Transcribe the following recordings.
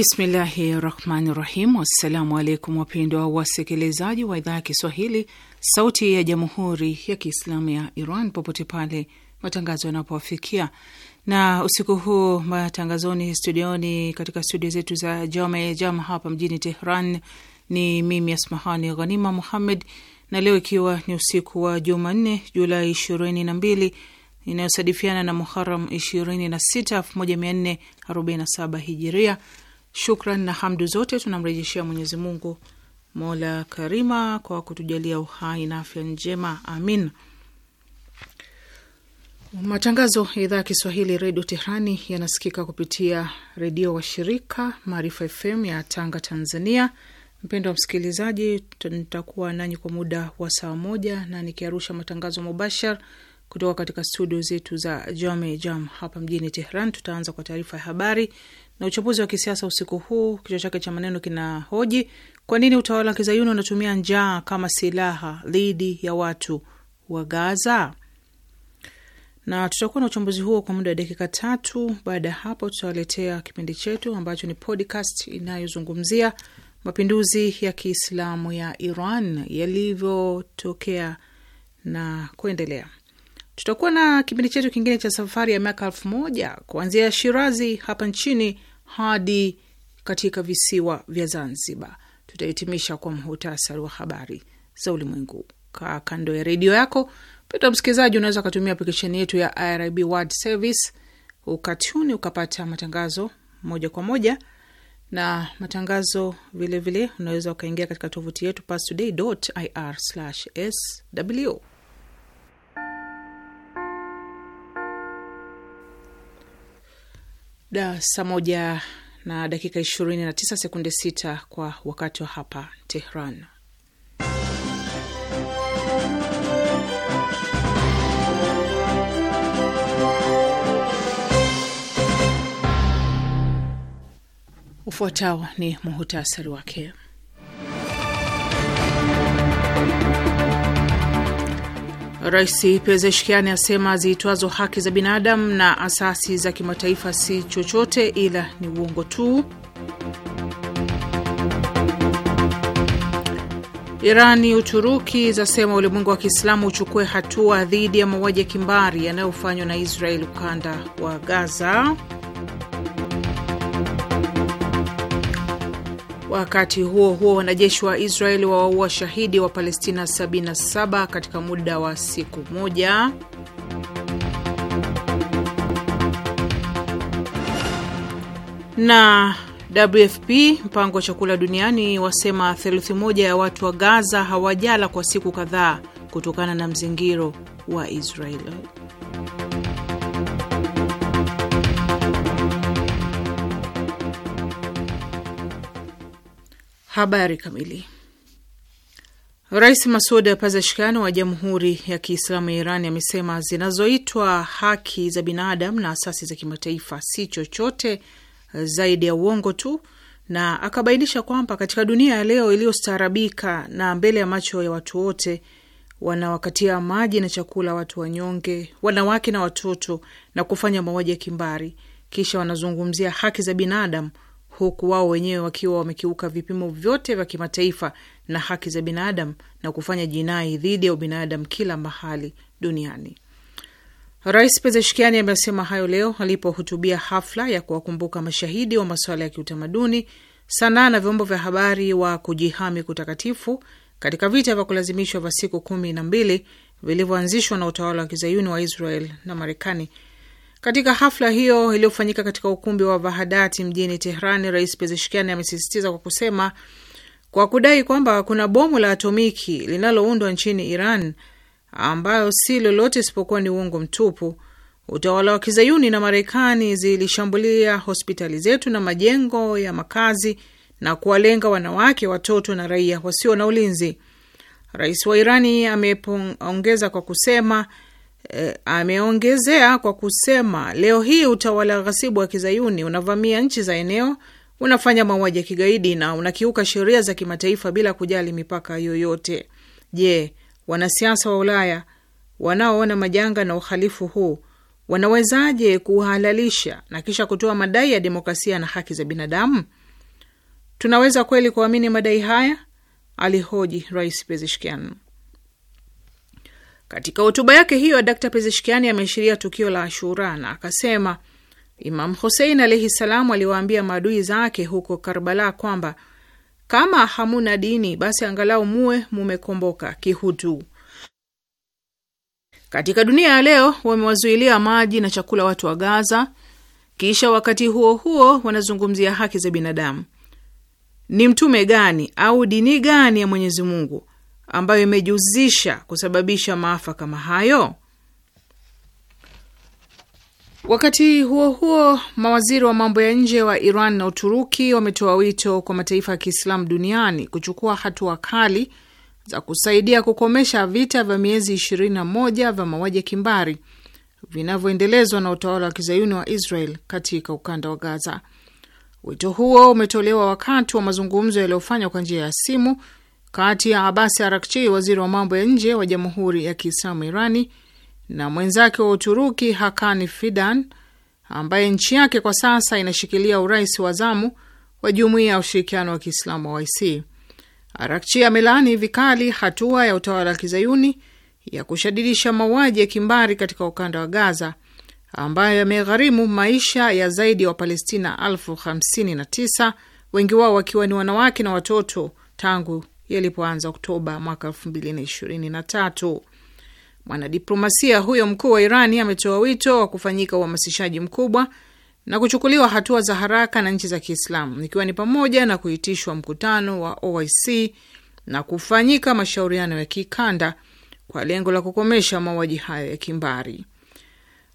Bismillahi rahmani rahim. Wassalamu alaikum wapendwa wasikilizaji wa idhaa ya Kiswahili sauti ya jamhuri ya Kiislamu ya Iran popote pale matangazo yanapowafikia. Na usiku huu matangazoni studioni, katika studio zetu za Jame Jam hapa mjini Tehran ni mimi Asmahani Ghanima Muhammed, na leo ikiwa ni usiku wa Jumanne Julai ishirini na mbili inayosadifiana na Muharam ishirini na sita elfu moja mia nne arobaini na saba hijiria Shukran na hamdu zote tunamrejeshea Mwenyezi Mungu mola karima kwa kutujalia uhai na afya njema, amin. Matangazo ya idhaa ya Kiswahili redio Tehrani yanasikika kupitia redio wa shirika Maarifa FM ya Tanga, Tanzania. Mpendo wa msikilizaji, nitakuwa nanyi kwa muda wa saa moja na nikiarusha matangazo mubashar kutoka katika studio zetu za Jome Jam hapa mjini Tehran. Tutaanza kwa taarifa ya habari na uchambuzi wa kisiasa usiku huu, kichwa chake cha maneno kina hoji kwa nini utawala wa kizayuni unatumia njaa kama silaha dhidi ya watu wa Gaza, na tutakuwa na uchambuzi huo kwa muda wa dakika tatu. Baada ya hapo, tutawaletea kipindi chetu ambacho ni podcast inayozungumzia mapinduzi ya Kiislamu ya Iran yalivyotokea na kuendelea. Tutakuwa na kipindi chetu kingine cha safari ya miaka elfu moja kuanzia Shirazi hapa nchini hadi katika visiwa vya Zanzibar. Tutahitimisha kwa muhtasari wa habari za ulimwengu. Kaa kando ya redio yako peta, msikilizaji, unaweza ukatumia aplikesheni yetu ya IRIB World Service ukatuni ukapata matangazo moja kwa moja na matangazo vilevile, unaweza ukaingia katika tovuti yetu pastoday.ir/sw Da saa moja na dakika ishirini na tisa sekunde sita kwa wakati wa hapa Tehran. Ufuatao ni muhutasari wake. Rais Pezeshkiani asema ziitwazo haki za binadamu na asasi za kimataifa si chochote ila ni uongo tu. Irani Uturuki zasema ulimwengu wa Kiislamu uchukue hatua dhidi ya mauaji ya kimbari yanayofanywa na Israeli ukanda wa Gaza. Wakati huo huo, wanajeshi wa Israeli wawaua shahidi wa Palestina 77 katika muda wa siku moja. Na WFP, mpango wa chakula duniani, wasema theluthi moja ya watu wa Gaza hawajala kwa siku kadhaa kutokana na mzingiro wa Israeli. Habari kamili. Rais Masud Pezeshkian wa Jamhuri ya Kiislamu ya Iran amesema zinazoitwa haki za binadamu na asasi za kimataifa si chochote zaidi ya uongo tu, na akabainisha kwamba katika dunia ya leo iliyostaarabika na mbele ya macho ya watu wote, wanawakatia maji na chakula watu wanyonge, wanawake na watoto, na kufanya mauaji ya kimbari, kisha wanazungumzia haki za binadamu huku wao wenyewe wakiwa wamekiuka vipimo vyote vya kimataifa na haki za binadamu na kufanya jinai dhidi ya ubinadamu kila mahali duniani. Rais Pezeshkiani amesema hayo leo alipohutubia hafla ya kuwakumbuka mashahidi wa masuala ya kiutamaduni, sanaa na vyombo vya habari wa kujihami kutakatifu katika vita vya kulazimishwa vya siku kumi na mbili vilivyoanzishwa na utawala wa kizayuni wa Israel na Marekani katika hafla hiyo iliyofanyika katika ukumbi wa Vahadati mjini Tehrani, Rais Pezeshkian amesisitiza kwa kusema, kwa kudai kwamba kuna bomu la atomiki linaloundwa nchini Iran ambayo si lolote isipokuwa ni uongo mtupu. Utawala wa kizayuni na Marekani zilishambulia hospitali zetu na majengo ya makazi na kuwalenga wanawake, watoto na raia wasio na ulinzi. Rais wa Irani ameongeza kwa kusema eh, ameongezea kwa kusema leo hii utawala ghasibu wa kizayuni unavamia nchi za eneo, unafanya mauaji ya kigaidi na unakiuka sheria za kimataifa bila kujali mipaka yoyote. Je, wanasiasa wa Ulaya wanaoona majanga na uhalifu huu wanawezaje kuhalalisha na kisha kutoa madai ya demokrasia na haki za binadamu? Tunaweza kweli kuamini madai haya? Alihoji Rais Pezeshkian. Katika hotuba yake hiyo, Dkt Pezeshkiani ameashiria tukio la Ashura na akasema Imam Husein alaihi salam aliwaambia maadui zake huko Karbala kwamba kama hamuna dini basi angalau muwe mumekomboka kihutu. Katika dunia ya leo wamewazuilia maji na chakula watu wa Gaza, kisha wakati huo huo wanazungumzia haki za binadamu. Ni mtume gani au dini gani ya Mwenyezi Mungu ambayo imejihusisha kusababisha maafa kama hayo? Wakati huo huo, mawaziri wa mambo ya nje wa Iran na Uturuki wametoa wito kwa mataifa ya Kiislamu duniani kuchukua hatua kali za kusaidia kukomesha vita vya miezi 21 vya mauaji ya kimbari vinavyoendelezwa na utawala wa kizayuni wa Israel katika ukanda wa Gaza. Wito huo umetolewa wakati wa mazungumzo yaliyofanywa kwa njia ya simu kati ya Abasi Arakchi, waziri wa mambo ya nje wa Jamhuri ya Kiislamu Irani, na mwenzake wa Uturuki Hakani Fidan, ambaye nchi yake kwa sasa inashikilia urais wa zamu wa Jumuiya ya Ushirikiano wa Kiislamu wa OIC. Arakchi amelaani vikali hatua ya utawala wa kizayuni ya kushadidisha mauaji ya kimbari katika ukanda wa Gaza ambayo yamegharimu maisha ya zaidi ya wa Wapalestina elfu 59 wengi wao wakiwa ni wanawake na watoto tangu yalipoanza Oktoba mwaka 2023. Mwanadiplomasia huyo mkuu wa Irani ametoa wito wa kufanyika uhamasishaji mkubwa na kuchukuliwa hatua za haraka na nchi za Kiislamu, ikiwa ni pamoja na kuitishwa mkutano wa OIC na kufanyika mashauriano ya kikanda kwa lengo la kukomesha mauaji hayo ya kimbari.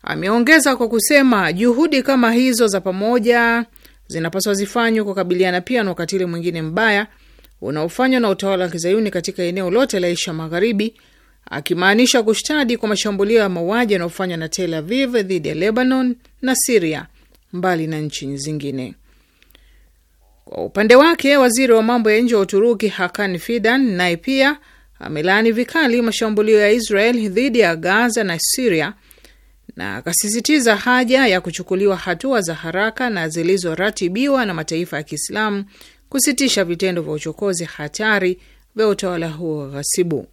Ameongeza kwa kusema juhudi kama hizo za pamoja zinapaswa zifanywe kukabiliana pia na ukatili mwingine mbaya unaofanywa na utawala wa kizayuni katika eneo lote la Asia Magharibi, akimaanisha kushtadi kwa mashambulio ya mauaji yanayofanywa na Tel Aviv dhidi ya Lebanon na Siria, mbali na nchi zingine. Kwa upande wake, waziri wa mambo ya nje wa Uturuki Hakan Fidan naye pia amelaani vikali mashambulio ya Israel dhidi ya Gaza na Siria na akasisitiza haja ya kuchukuliwa hatua za haraka na zilizoratibiwa na mataifa ya Kiislamu kusitisha vitendo vya uchokozi hatari vya utawala huo ghasibu.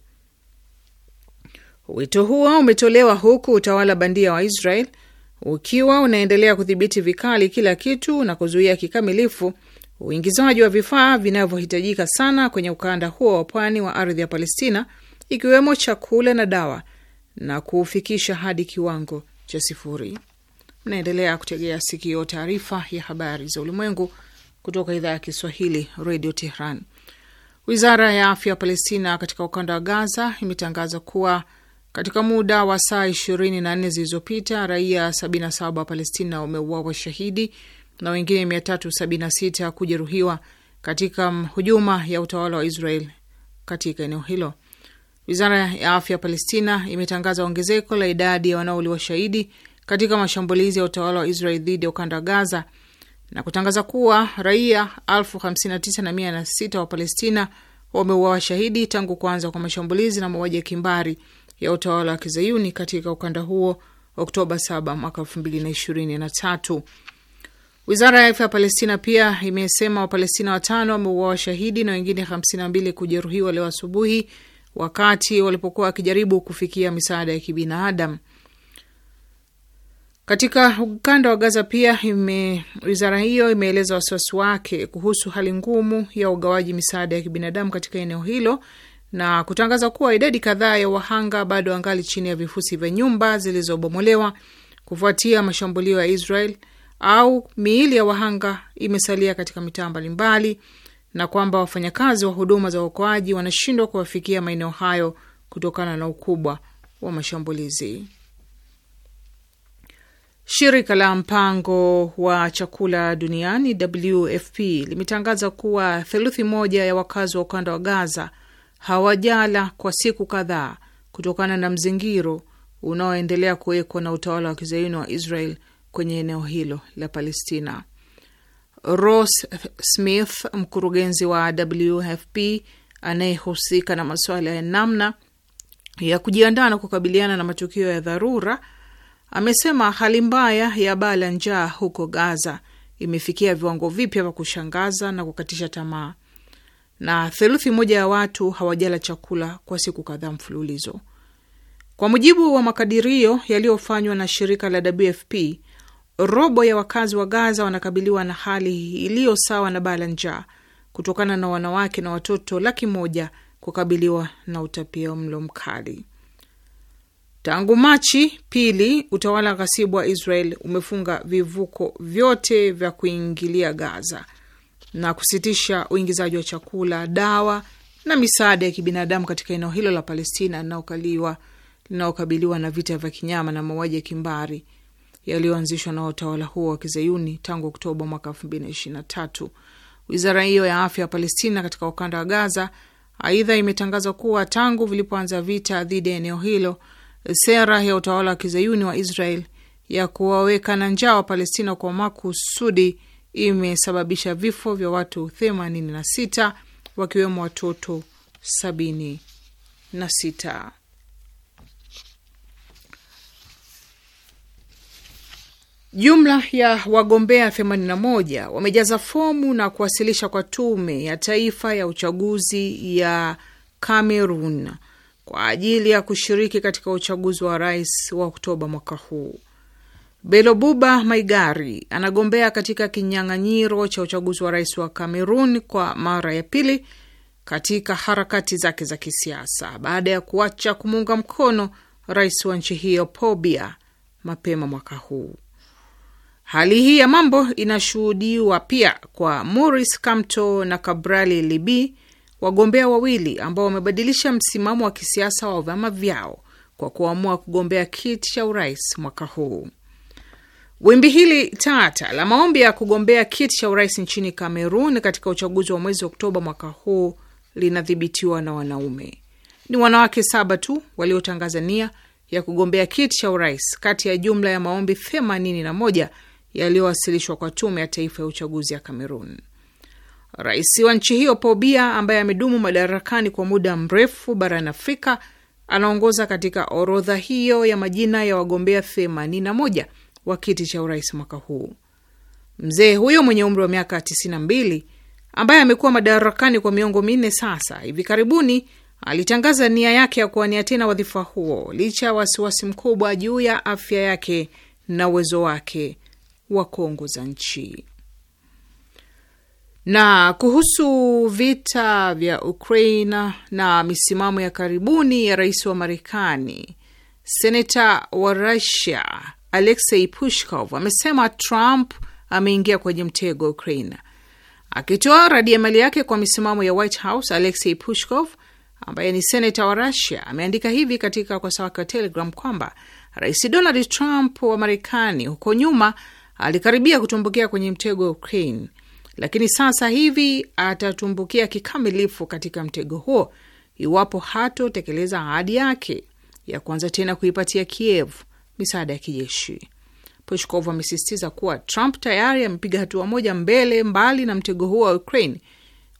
Wito huo umetolewa huku utawala bandia wa Israel ukiwa unaendelea kudhibiti vikali kila kitu na kuzuia kikamilifu uingizaji wa vifaa vinavyohitajika sana kwenye ukanda huo wa pwani wa ardhi ya Palestina, ikiwemo chakula na dawa, na kuufikisha hadi kiwango cha sifuri. Mnaendelea kutegea sikio taarifa ya habari za ulimwengu kutoka idhaa ya Kiswahili redio Tehran. Wizara ya afya ya Palestina katika ukanda wa Gaza imetangaza kuwa katika muda wa saa nne zilizopita raia 77 wa Palestina wameuawa shahidi na wengine sita kujeruhiwa katika hujuma ya utawala wa Israel katika eneo hilo. Wizara ya afya ya Palestina imetangaza ongezeko la idadi ya wanaouliwa shahidi katika mashambulizi ya utawala wa Israel dhidi ya ukanda wa Gaza na kutangaza kuwa raia 59,106 wa Palestina wameuawa shahidi tangu kuanza kwa mashambulizi na mauaji ya kimbari ya utawala wa kizayuni katika ukanda huo Oktoba 7 mwaka 2023. Wizara ya afya ya Palestina pia imesema Wapalestina watano wameuawa shahidi na wengine 52 kujeruhiwa leo asubuhi wakati walipokuwa wakijaribu kufikia misaada ya kibinadamu katika ukanda wa Gaza pia ime, wizara hiyo imeeleza wasiwasi wake kuhusu hali ngumu ya ugawaji misaada ya kibinadamu katika eneo hilo na kutangaza kuwa idadi kadhaa ya wahanga bado angali chini ya vifusi vya nyumba zilizobomolewa kufuatia mashambulio ya Israel au miili ya wahanga imesalia katika mitaa mbalimbali, na kwamba wafanyakazi wa huduma za uokoaji wanashindwa kuwafikia maeneo hayo kutokana na ukubwa wa mashambulizi. Shirika la mpango wa chakula duniani WFP limetangaza kuwa theluthi moja ya wakazi wa ukanda wa Gaza hawajala kwa siku kadhaa kutokana na mzingiro unaoendelea kuwekwa na utawala wa kizayuni wa Israel kwenye eneo hilo la Palestina. Ross Smith, mkurugenzi wa WFP anayehusika na masuala ya namna ya kujiandaa na kukabiliana na matukio ya dharura amesema hali mbaya ya baa la njaa huko Gaza imefikia viwango vipya vya kushangaza na kukatisha tamaa, na theluthi moja ya watu hawajala chakula kwa siku kadhaa mfululizo. Kwa mujibu wa makadirio yaliyofanywa na shirika la WFP, robo ya wakazi wa Gaza wanakabiliwa na hali iliyo sawa na baa la njaa kutokana na wanawake na watoto laki moja kukabiliwa na utapia mlo mkali. Tangu Machi pili, utawala ghasibu wa Israel umefunga vivuko vyote vya kuingilia Gaza na kusitisha uingizaji wa chakula, dawa na misaada ya kibinadamu katika eneo hilo la Palestina linaokaliwa linaokabiliwa na vita vya kinyama na mauaji ya kimbari yaliyoanzishwa na utawala huo wa kizayuni tangu Oktoba mwaka tatu. Wizara hiyo ya afya ya Palestina katika ukanda wa Gaza aidha imetangaza kuwa tangu vilipoanza vita dhidi ya eneo hilo sera ya utawala wa kizayuni wa Israel ya kuwaweka na njaa wa Palestina kwa makusudi imesababisha vifo vya watu 86 wakiwemo watoto 76. Jumla ya wagombea 81 wamejaza fomu na kuwasilisha kwa tume ya taifa ya uchaguzi ya cameron kwa ajili ya kushiriki katika uchaguzi wa rais wa Oktoba mwaka huu. Belobuba Maigari anagombea katika kinyang'anyiro cha uchaguzi wa rais wa Kamerun kwa mara ya pili katika harakati zake za kisiasa baada ya kuacha kumuunga mkono rais wa nchi hiyo Paul Biya mapema mwaka huu. Hali hii ya mambo inashuhudiwa pia kwa Maurice Kamto na Kabrali Libi wagombea wawili ambao wamebadilisha msimamo wa kisiasa wa vyama vyao kwa kuamua kugombea kiti cha urais mwaka huu. Wimbi hili tata la maombi ya kugombea kiti cha urais nchini Kamerun katika uchaguzi wa mwezi Oktoba mwaka huu linadhibitiwa na wanaume. Ni wanawake saba tu waliotangaza nia ya kugombea kiti cha urais kati ya jumla ya maombi 81 yaliyowasilishwa kwa tume ya taifa ya uchaguzi ya Kamerun. Rais wa nchi hiyo Paul Biya ambaye amedumu madarakani kwa muda mrefu barani Afrika anaongoza katika orodha hiyo ya majina ya wagombea 81 wa kiti cha urais mwaka huu. Mzee huyo mwenye umri wa miaka 92 ambaye amekuwa madarakani kwa miongo minne sasa, hivi karibuni alitangaza nia yake ya kuwania tena wadhifa huo licha ya wasiwasi mkubwa juu ya afya yake na uwezo wake wa kuongoza nchi. Na kuhusu vita vya ukrain na misimamo ya karibuni ya rais wa Marekani, seneta wa Russia Alexei Pushkov amesema Trump ameingia kwenye mtego wa ukrain Akitoa radi ya mali yake kwa misimamo ya White House, Alexei Pushkov ambaye ni seneta wa Russia ameandika hivi katika ukurasa wake wa Telegram kwamba Rais Donald Trump wa Marekani huko nyuma alikaribia kutumbukia kwenye mtego wa Ukraine lakini sasa hivi atatumbukia kikamilifu katika mtego huo iwapo hatotekeleza ahadi yake ya kuanza tena kuipatia Kiev misaada ya kijeshi. pushkov amesisitiza kuwa Trump tayari amepiga hatua moja mbele mbali na mtego huo wa Ukraine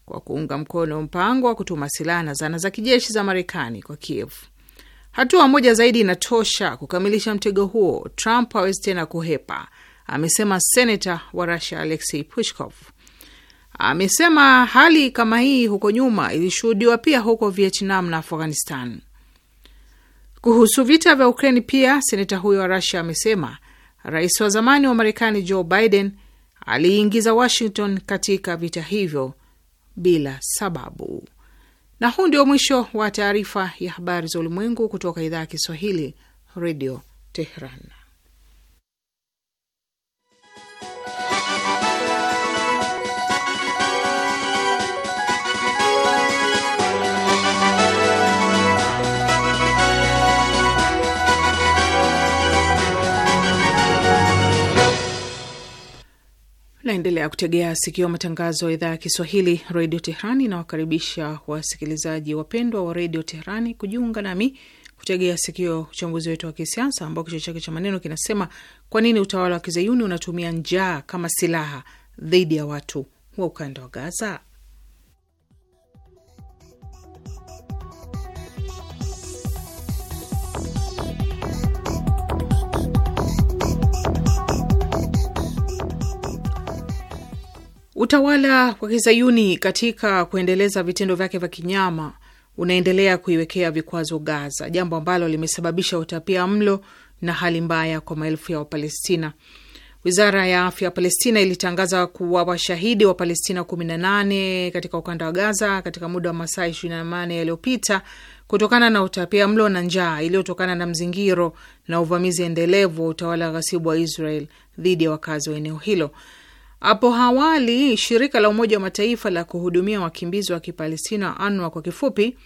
kwa kuunga mkono mpango wa kutuma silaha na zana za kijeshi za Marekani kwa Kiev. Hatua moja zaidi inatosha kukamilisha mtego huo, Trump hawezi tena kuhepa, amesema senata wa Rusia Alexei Pushkov. Amesema hali kama hii huko nyuma ilishuhudiwa pia huko Vietnam na Afghanistan. Kuhusu vita vya Ukraini pia seneta huyo wa Rusia amesema rais wa zamani wa Marekani Joe Biden aliingiza Washington katika vita hivyo bila sababu. Na huu ndio mwisho wa taarifa ya habari za ulimwengu kutoka idhaa ya Kiswahili, Redio Tehran. Naendelea kutegea sikio matangazo ya idhaa ya Kiswahili redio Teherani. Inawakaribisha wasikilizaji wapendwa wa redio Teherani kujiunga nami kutegea sikio uchambuzi wetu wa kisiasa ambao kichwa chake cha maneno kinasema kwa nini utawala wa kizayuni unatumia njaa kama silaha dhidi ya watu wa ukanda wa Gaza. Utawala wa kizayuni katika kuendeleza vitendo vyake vya kinyama unaendelea kuiwekea vikwazo Gaza, jambo ambalo limesababisha utapia mlo na hali mbaya kwa maelfu ya Wapalestina. Wizara ya afya ya Palestina ilitangaza kuwa washahidi wa Palestina 18 katika ukanda wa Gaza katika muda wa masaa 28 yaliyopita kutokana na utapia mlo na njaa iliyotokana na mzingiro na uvamizi endelevu wa utawala ghasibu wa Israel dhidi ya wakazi wa eneo hilo. Hapo awali shirika la Umoja wa Mataifa la kuhudumia wakimbizi wa Kipalestina, ANWA kwa kifupi,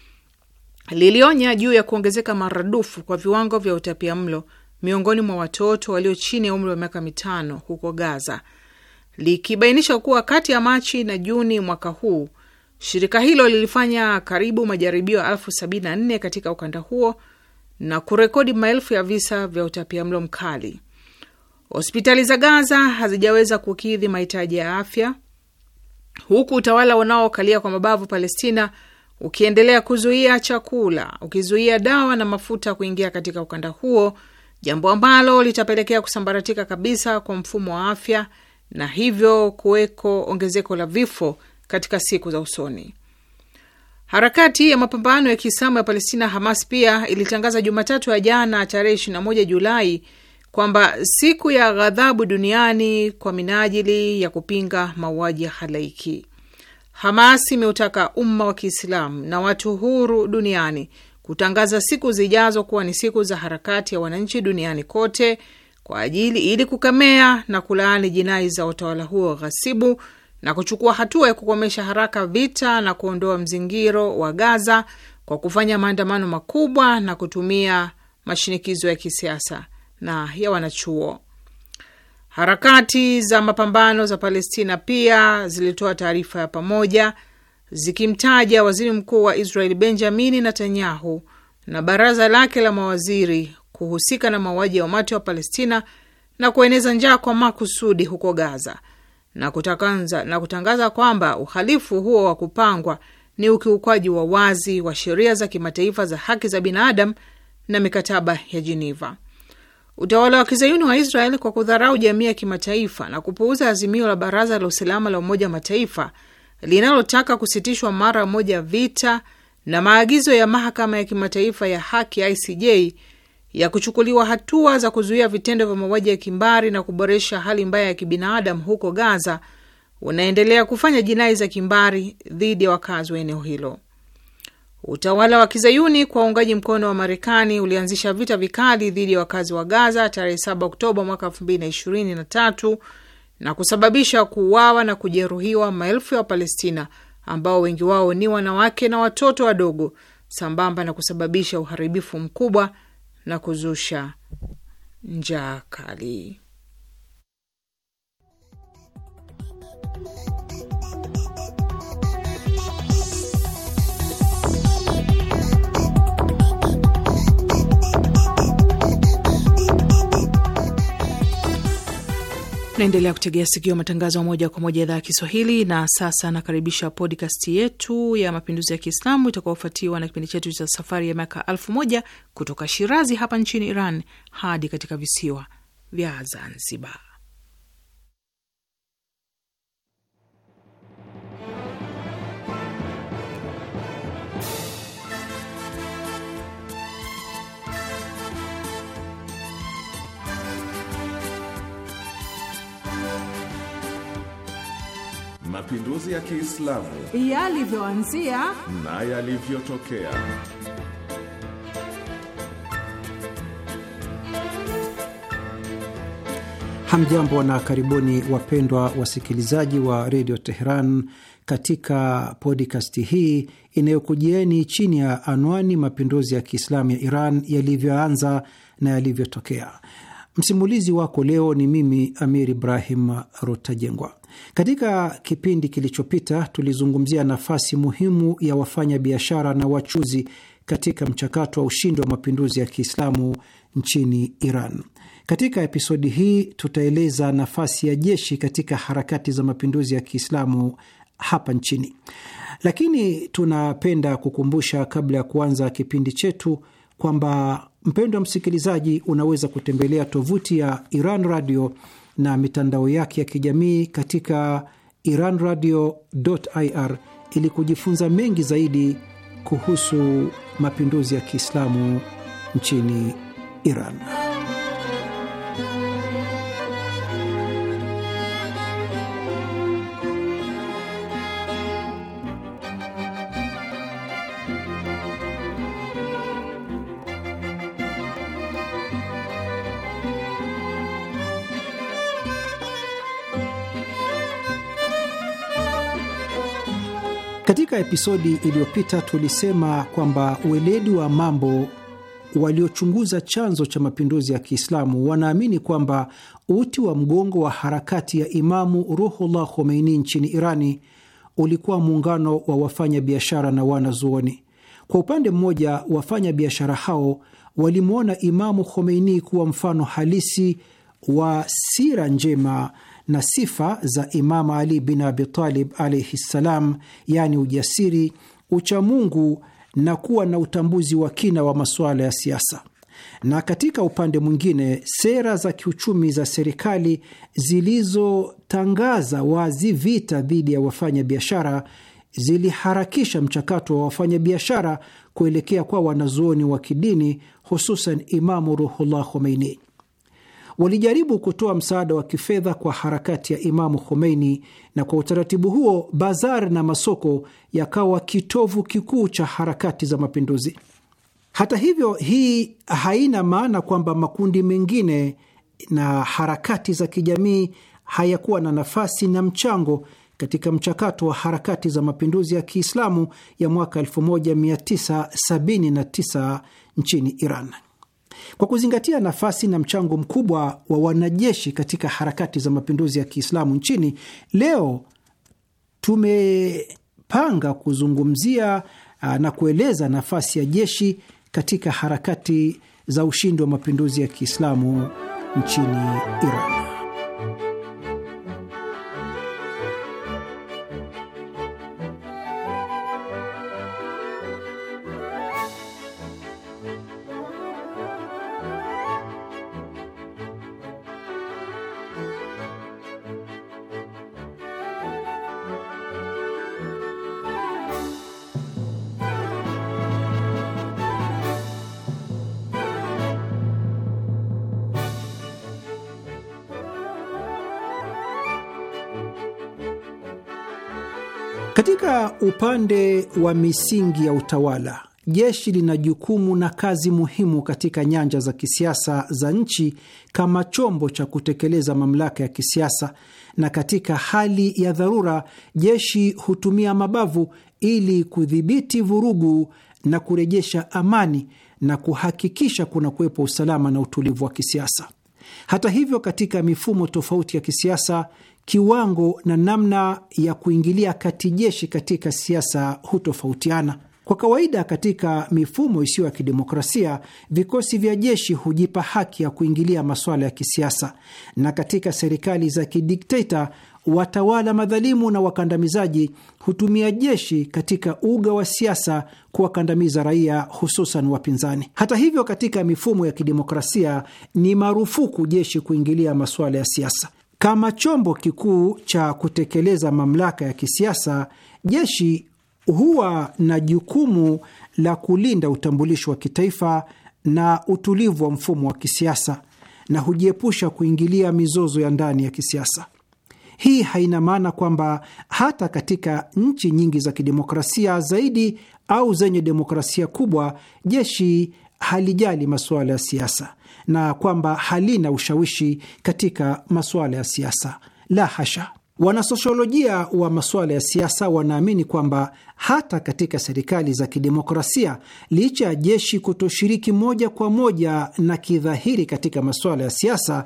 lilionya juu ya kuongezeka maradufu kwa viwango vya utapia mlo miongoni mwa watoto walio chini ya umri wa miaka mitano huko Gaza, likibainisha kuwa kati ya Machi na Juni mwaka huu shirika hilo lilifanya karibu majaribio elfu sabini na nne katika ukanda huo na kurekodi maelfu ya visa vya utapia mlo mkali. Hospitali za Gaza hazijaweza kukidhi mahitaji ya afya, huku utawala unaokalia kwa mabavu Palestina ukiendelea kuzuia chakula, ukizuia dawa na mafuta kuingia katika ukanda huo, jambo ambalo litapelekea kusambaratika kabisa kwa mfumo wa afya na hivyo kuweko ongezeko la vifo katika siku za usoni. Harakati ya mapambano ya Kiislamu ya Palestina, Hamas, pia ilitangaza Jumatatu ya jana tarehe 21 Julai kwamba siku ya ghadhabu duniani kwa minajili ya kupinga mauaji ya halaiki. Hamas imeutaka umma wa Kiislamu na watu huru duniani kutangaza siku zijazo kuwa ni siku za harakati ya wananchi duniani kote kwa ajili ili kukemea na kulaani jinai za utawala huo ghasibu na kuchukua hatua ya kukomesha haraka vita na kuondoa mzingiro wa Gaza kwa kufanya maandamano makubwa na kutumia mashinikizo ya kisiasa na ya wanachuo. Harakati za mapambano za Palestina pia zilitoa taarifa ya pamoja zikimtaja waziri mkuu wa Israeli Benjamini Netanyahu na baraza lake la mawaziri kuhusika na mauaji ya umati wa Palestina na kueneza njaa kwa makusudi huko Gaza na kutangaza, na kutangaza kwamba uhalifu huo wa kupangwa ni ukiukwaji wa wazi wa sheria za kimataifa za haki za binadamu na mikataba ya Geneva. Utawala wa kizayuni wa Israel kwa kudharau jamii ya kimataifa na kupuuza azimio la Baraza la Usalama la Umoja wa Mataifa linalotaka kusitishwa mara moja vita na maagizo ya Mahakama ya Kimataifa ya Haki ICJ ya kuchukuliwa hatua za kuzuia vitendo vya mauaji ya kimbari na kuboresha hali mbaya ya kibinadamu huko Gaza unaendelea kufanya jinai za kimbari dhidi ya wakazi wa eneo hilo. Utawala wa kizayuni kwa uungaji mkono wa Marekani ulianzisha vita vikali dhidi ya wakazi wa Gaza tarehe 7 Oktoba mwaka 2023 na kusababisha kuuawa na kujeruhiwa maelfu ya Wapalestina ambao wengi wao ni wanawake na watoto wadogo, sambamba na kusababisha uharibifu mkubwa na kuzusha njaa kali. Naendelea kutegea sikio matangazo moja kwa moja idhaa ya Kiswahili. Na sasa nakaribisha podcast yetu ya mapinduzi ya Kiislamu itakaofuatiwa na kipindi chetu cha safari ya miaka alfu moja kutoka Shirazi hapa nchini Iran hadi katika visiwa vya Zanzibar. mapinduzi ya Kiislamu yalivyoanzia na yalivyotokea. Hamjambo na karibuni wapendwa wasikilizaji wa redio Teheran katika podikasti hii inayokujieni chini ya anwani mapinduzi ya Kiislamu ya Iran yalivyoanza na yalivyotokea. Msimulizi wako leo ni mimi Amir Ibrahim Rutajengwa. Katika kipindi kilichopita tulizungumzia nafasi muhimu ya wafanyabiashara na wachuzi katika mchakato wa ushindi wa mapinduzi ya Kiislamu nchini Iran. Katika episodi hii tutaeleza nafasi ya jeshi katika harakati za mapinduzi ya Kiislamu hapa nchini, lakini tunapenda kukumbusha kabla ya kuanza kipindi chetu kwamba mpendo wa msikilizaji, unaweza kutembelea tovuti ya Iran Radio na mitandao yake ya kijamii katika iranradio.ir ili kujifunza mengi zaidi kuhusu mapinduzi ya Kiislamu nchini Iran. Katika episodi iliyopita tulisema kwamba weledi wa mambo waliochunguza chanzo cha mapinduzi ya Kiislamu wanaamini kwamba uti wa mgongo wa harakati ya Imamu Ruhullah Khomeini nchini Irani ulikuwa muungano wa wafanya biashara na wanazuoni. Kwa upande mmoja, wafanya biashara hao walimwona Imamu Khomeini kuwa mfano halisi wa sira njema na sifa za Imamu Ali bin Abitalib alaihi ssalam, yaani ujasiri, uchamungu na kuwa na utambuzi wa kina wa masuala ya siasa. Na katika upande mwingine, sera za kiuchumi za serikali zilizotangaza wazi vita dhidi ya wafanyabiashara ziliharakisha mchakato wa wafanyabiashara kuelekea kwa wanazuoni wa kidini, hususan Imamu Ruhullah Khomeini walijaribu kutoa msaada wa kifedha kwa harakati ya Imamu Khomeini, na kwa utaratibu huo bazar na masoko yakawa kitovu kikuu cha harakati za mapinduzi. Hata hivyo, hii haina maana kwamba makundi mengine na harakati za kijamii hayakuwa na nafasi na mchango katika mchakato wa harakati za mapinduzi ya Kiislamu ya mwaka 1979 nchini Iran. Kwa kuzingatia nafasi na mchango mkubwa wa wanajeshi katika harakati za mapinduzi ya Kiislamu nchini, leo tumepanga kuzungumzia ah, na kueleza nafasi ya jeshi katika harakati za ushindi wa mapinduzi ya Kiislamu nchini Iran. upande wa misingi ya utawala, jeshi lina jukumu na kazi muhimu katika nyanja za kisiasa za nchi kama chombo cha kutekeleza mamlaka ya kisiasa, na katika hali ya dharura jeshi hutumia mabavu ili kudhibiti vurugu na kurejesha amani na kuhakikisha kuna kuwepo usalama na utulivu wa kisiasa. Hata hivyo, katika mifumo tofauti ya kisiasa, kiwango na namna ya kuingilia kati jeshi katika siasa hutofautiana. Kwa kawaida, katika mifumo isiyo ya kidemokrasia, vikosi vya jeshi hujipa haki ya kuingilia masuala ya kisiasa, na katika serikali za kidikteta watawala madhalimu na wakandamizaji hutumia jeshi katika uga wa siasa kuwakandamiza raia, hususan wapinzani. Hata hivyo, katika mifumo ya kidemokrasia ni marufuku jeshi kuingilia masuala ya siasa. Kama chombo kikuu cha kutekeleza mamlaka ya kisiasa, jeshi huwa na jukumu la kulinda utambulisho wa kitaifa na utulivu wa mfumo wa kisiasa na hujiepusha kuingilia mizozo ya ndani ya kisiasa. Hii haina maana kwamba hata katika nchi nyingi za kidemokrasia zaidi au zenye demokrasia kubwa, jeshi halijali masuala ya siasa na kwamba halina ushawishi katika masuala ya siasa. La hasha! Wanasosiolojia wa masuala ya siasa wanaamini kwamba hata katika serikali za kidemokrasia, licha ya jeshi kutoshiriki moja kwa moja na kidhahiri katika masuala ya siasa,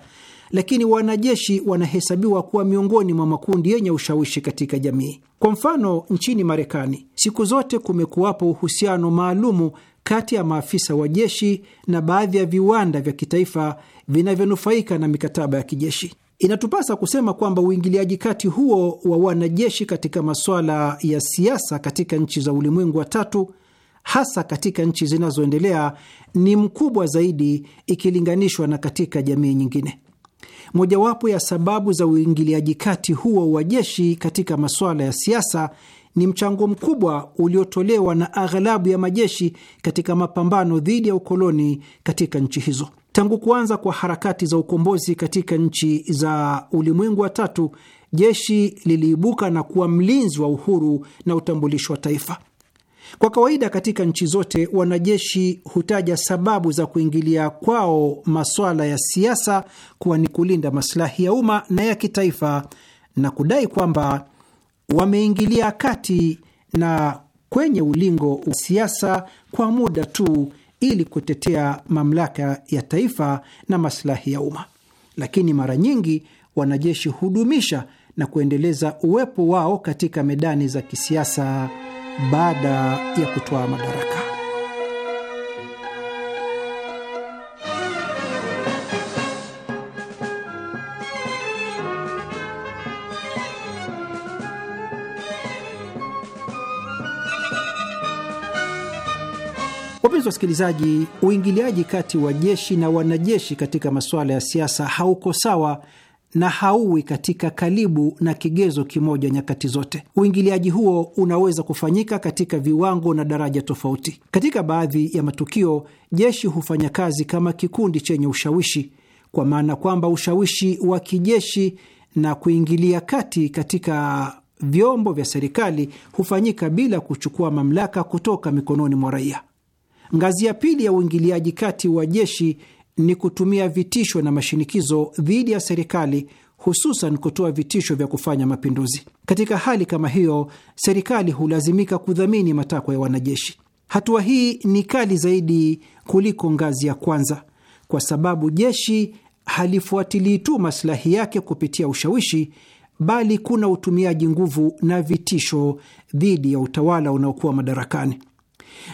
lakini wanajeshi wanahesabiwa kuwa miongoni mwa makundi yenye ushawishi katika jamii. Kwa mfano, nchini Marekani siku zote kumekuwapo uhusiano maalumu kati ya maafisa wa jeshi na baadhi ya viwanda vya kitaifa vinavyonufaika na mikataba ya kijeshi. Inatupasa kusema kwamba uingiliaji kati huo wa wanajeshi katika masuala ya siasa katika nchi za ulimwengu wa tatu, hasa katika nchi zinazoendelea, ni mkubwa zaidi ikilinganishwa na katika jamii nyingine. Mojawapo ya sababu za uingiliaji kati huo wa jeshi katika masuala ya siasa ni mchango mkubwa uliotolewa na aghalabu ya majeshi katika mapambano dhidi ya ukoloni katika nchi hizo. Tangu kuanza kwa harakati za ukombozi katika nchi za ulimwengu wa tatu, jeshi liliibuka na kuwa mlinzi wa uhuru na utambulisho wa taifa. Kwa kawaida katika nchi zote, wanajeshi hutaja sababu za kuingilia kwao maswala ya siasa kuwa ni kulinda masilahi ya umma na ya kitaifa na kudai kwamba wameingilia kati na kwenye ulingo wa siasa kwa muda tu ili kutetea mamlaka ya taifa na masilahi ya umma, lakini mara nyingi wanajeshi hudumisha na kuendeleza uwepo wao katika medani za kisiasa baada ya kutoa madaraka. Wapenzi wasikilizaji, uingiliaji kati wa jeshi na wanajeshi katika masuala ya siasa hauko sawa na hauwi katika kalibu na kigezo kimoja nyakati zote. Uingiliaji huo unaweza kufanyika katika viwango na daraja tofauti. Katika baadhi ya matukio, jeshi hufanya kazi kama kikundi chenye ushawishi, kwa maana kwamba ushawishi wa kijeshi na kuingilia kati katika vyombo vya serikali hufanyika bila kuchukua mamlaka kutoka mikononi mwa raia. Ngazi ya pili ya uingiliaji kati wa jeshi ni kutumia vitisho na mashinikizo dhidi ya serikali, hususan kutoa vitisho vya kufanya mapinduzi. Katika hali kama hiyo, serikali hulazimika kudhamini matakwa ya wanajeshi. Hatua hii ni kali zaidi kuliko ngazi ya kwanza, kwa sababu jeshi halifuatilii tu masilahi yake kupitia ushawishi, bali kuna utumiaji nguvu na vitisho dhidi ya utawala unaokuwa madarakani.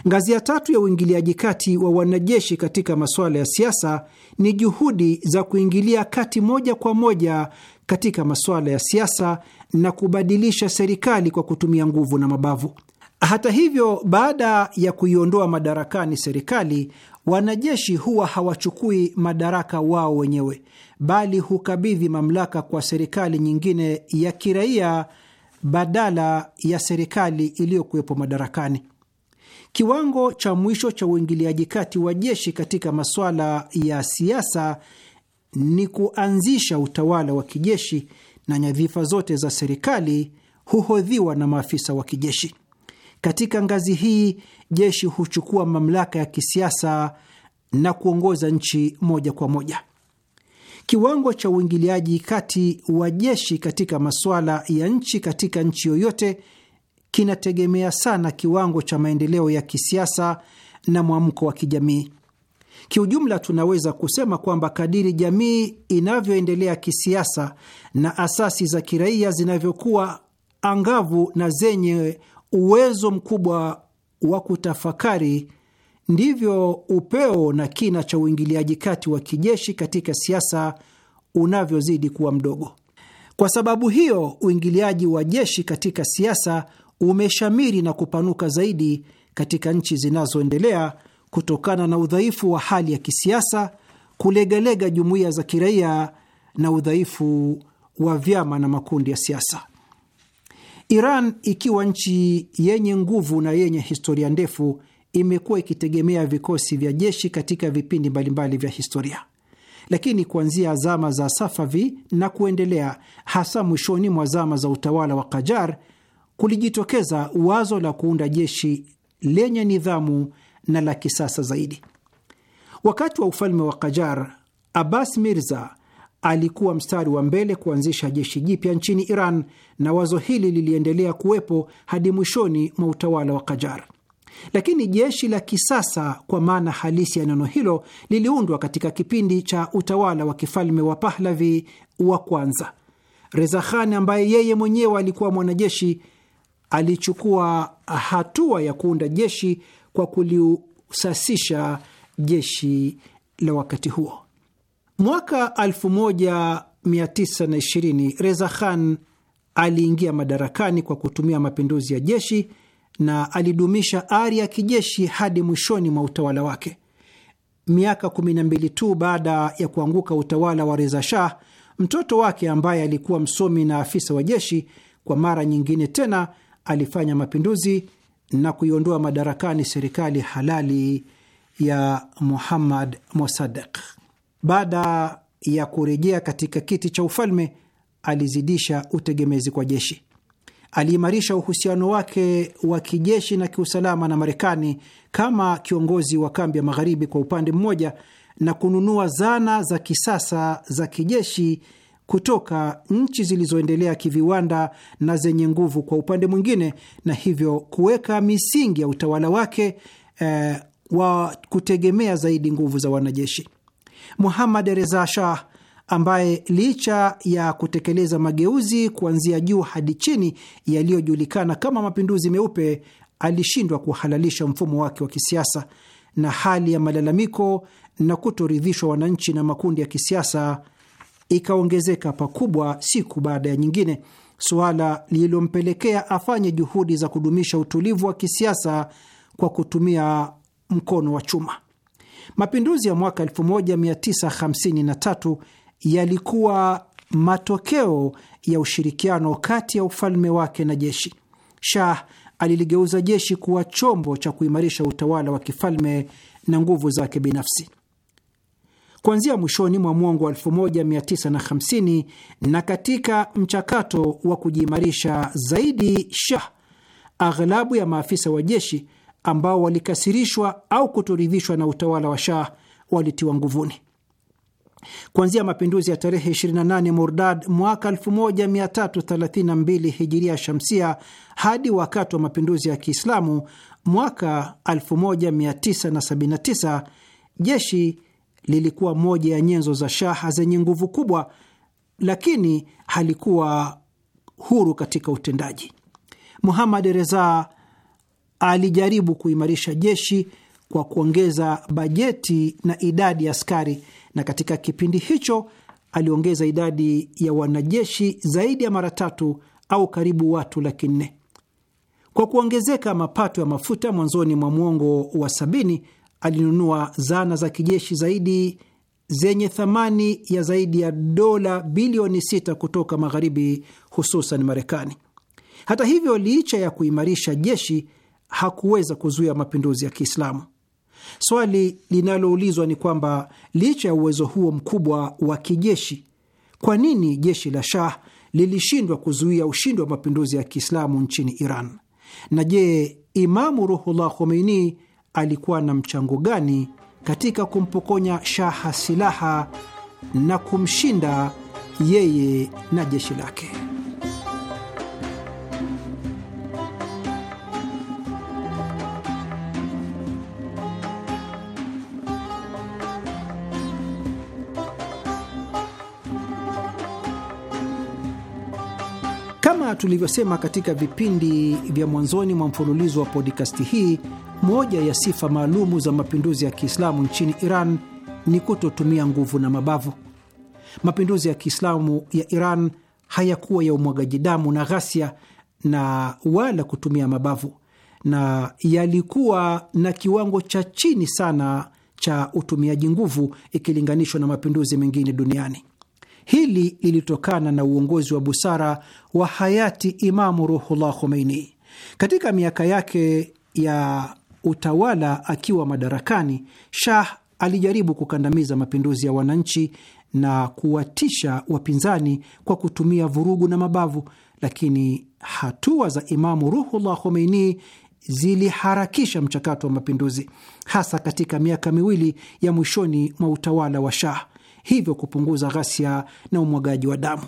Ngazi ya tatu ya uingiliaji kati wa wanajeshi katika masuala ya siasa ni juhudi za kuingilia kati moja kwa moja katika masuala ya siasa na kubadilisha serikali kwa kutumia nguvu na mabavu. Hata hivyo, baada ya kuiondoa madarakani serikali, wanajeshi huwa hawachukui madaraka wao wenyewe, bali hukabidhi mamlaka kwa serikali nyingine ya kiraia badala ya serikali iliyokuwepo madarakani. Kiwango cha mwisho cha uingiliaji kati wa jeshi katika masuala ya siasa ni kuanzisha utawala wa kijeshi na nyadhifa zote za serikali huhodhiwa na maafisa wa kijeshi. Katika ngazi hii, jeshi huchukua mamlaka ya kisiasa na kuongoza nchi moja kwa moja. Kiwango cha uingiliaji kati wa jeshi katika masuala ya nchi katika nchi yoyote kinategemea sana kiwango cha maendeleo ya kisiasa na mwamko wa kijamii. Kiujumla, tunaweza kusema kwamba kadiri jamii inavyoendelea kisiasa na asasi za kiraia zinavyokuwa angavu na zenye uwezo mkubwa wa kutafakari, ndivyo upeo na kina cha uingiliaji kati wa kijeshi katika siasa unavyozidi kuwa mdogo. Kwa sababu hiyo, uingiliaji wa jeshi katika siasa umeshamiri na kupanuka zaidi katika nchi zinazoendelea kutokana na udhaifu wa hali ya kisiasa, kulegalega jumuiya za kiraia na udhaifu wa vyama na makundi ya siasa. Iran ikiwa nchi yenye nguvu na yenye historia ndefu, imekuwa ikitegemea vikosi vya jeshi katika vipindi mbalimbali vya historia, lakini kuanzia zama za Safavi na kuendelea, hasa mwishoni mwa zama za utawala wa Kajar, kulijitokeza wazo la kuunda jeshi lenye nidhamu na la kisasa zaidi. Wakati wa ufalme wa kajar Abbas Mirza alikuwa mstari wa mbele kuanzisha jeshi jipya nchini Iran, na wazo hili liliendelea kuwepo hadi mwishoni mwa utawala wa kajar Lakini jeshi la kisasa kwa maana halisi ya neno hilo liliundwa katika kipindi cha utawala wa kifalme wa Pahlavi wa kwanza. Reza Khan ambaye yeye mwenyewe alikuwa mwanajeshi alichukua hatua ya kuunda jeshi kwa kuliusasisha jeshi la wakati huo. Mwaka 1920 Reza Khan aliingia madarakani kwa kutumia mapinduzi ya jeshi na alidumisha ari ya kijeshi hadi mwishoni mwa utawala wake. Miaka 12 tu baada ya kuanguka utawala wa Reza Shah, mtoto wake ambaye alikuwa msomi na afisa wa jeshi, kwa mara nyingine tena alifanya mapinduzi na kuiondoa madarakani serikali halali ya Muhammad Mosaddeq. Baada ya kurejea katika kiti cha ufalme, alizidisha utegemezi kwa jeshi. Aliimarisha uhusiano wake wa kijeshi na kiusalama na Marekani kama kiongozi wa kambi ya magharibi kwa upande mmoja, na kununua zana za kisasa za kijeshi kutoka nchi zilizoendelea kiviwanda na zenye nguvu kwa upande mwingine, na hivyo kuweka misingi ya utawala wake eh, wa kutegemea zaidi nguvu za wanajeshi. Muhammad Reza Shah ambaye licha ya kutekeleza mageuzi kuanzia juu hadi chini yaliyojulikana kama mapinduzi meupe, alishindwa kuhalalisha mfumo wake wa kisiasa, na hali ya malalamiko na kutoridhishwa wananchi na makundi ya kisiasa ikaongezeka pakubwa siku baada ya nyingine, suala lililompelekea afanye juhudi za kudumisha utulivu wa kisiasa kwa kutumia mkono wa chuma. Mapinduzi ya mwaka 1953 yalikuwa matokeo ya ushirikiano kati ya ufalme wake na jeshi. Shah aliligeuza jeshi kuwa chombo cha kuimarisha utawala wa kifalme na nguvu zake binafsi kuanzia mwishoni mwa mwongo wa 1950 na katika mchakato wa kujiimarisha zaidi Shah, aghlabu ya maafisa wa jeshi ambao walikasirishwa au kutoridhishwa na utawala wa Shah walitiwa nguvuni. Kuanzia mapinduzi ya tarehe 28 Mordad mwaka 1332 hijiria shamsia hadi wakati wa mapinduzi ya Kiislamu mwaka 1979 jeshi lilikuwa moja ya nyenzo za shaha zenye nguvu kubwa, lakini halikuwa huru katika utendaji. Muhammad Reza alijaribu kuimarisha jeshi kwa kuongeza bajeti na idadi ya askari, na katika kipindi hicho aliongeza idadi ya wanajeshi zaidi ya mara tatu au karibu watu laki nne. Kwa kuongezeka mapato ya mafuta mwanzoni mwa mwongo wa sabini, alinunua zana za kijeshi zaidi zenye thamani ya zaidi ya dola bilioni sita kutoka magharibi, hususan Marekani. Hata hivyo, licha ya kuimarisha jeshi, hakuweza kuzuia mapinduzi ya Kiislamu. Swali linaloulizwa ni kwamba licha ya uwezo huo mkubwa wa kijeshi, kwa nini jeshi la Shah lilishindwa kuzuia ushindi wa mapinduzi ya Kiislamu nchini Iran? Na je, Imamu Ruhullah Khomeini alikuwa na mchango gani katika kumpokonya shaha silaha na kumshinda yeye na jeshi lake. Kama tulivyosema katika vipindi vya mwanzoni mwa mfululizo wa podikasti hii, moja ya sifa maalumu za mapinduzi ya Kiislamu nchini Iran ni kutotumia nguvu na mabavu. Mapinduzi ya Kiislamu ya Iran hayakuwa ya umwagaji damu na ghasia na wala kutumia mabavu, na yalikuwa na kiwango cha chini sana cha utumiaji nguvu ikilinganishwa na mapinduzi mengine duniani. Hili lilitokana na uongozi wa busara wa hayati Imamu Ruhullah Khomeini. Katika miaka yake ya utawala akiwa madarakani, Shah alijaribu kukandamiza mapinduzi ya wananchi na kuwatisha wapinzani kwa kutumia vurugu na mabavu, lakini hatua za Imamu Ruhullah Khomeini ziliharakisha mchakato wa mapinduzi, hasa katika miaka miwili ya mwishoni mwa utawala wa Shah, hivyo kupunguza ghasia na umwagaji wa damu.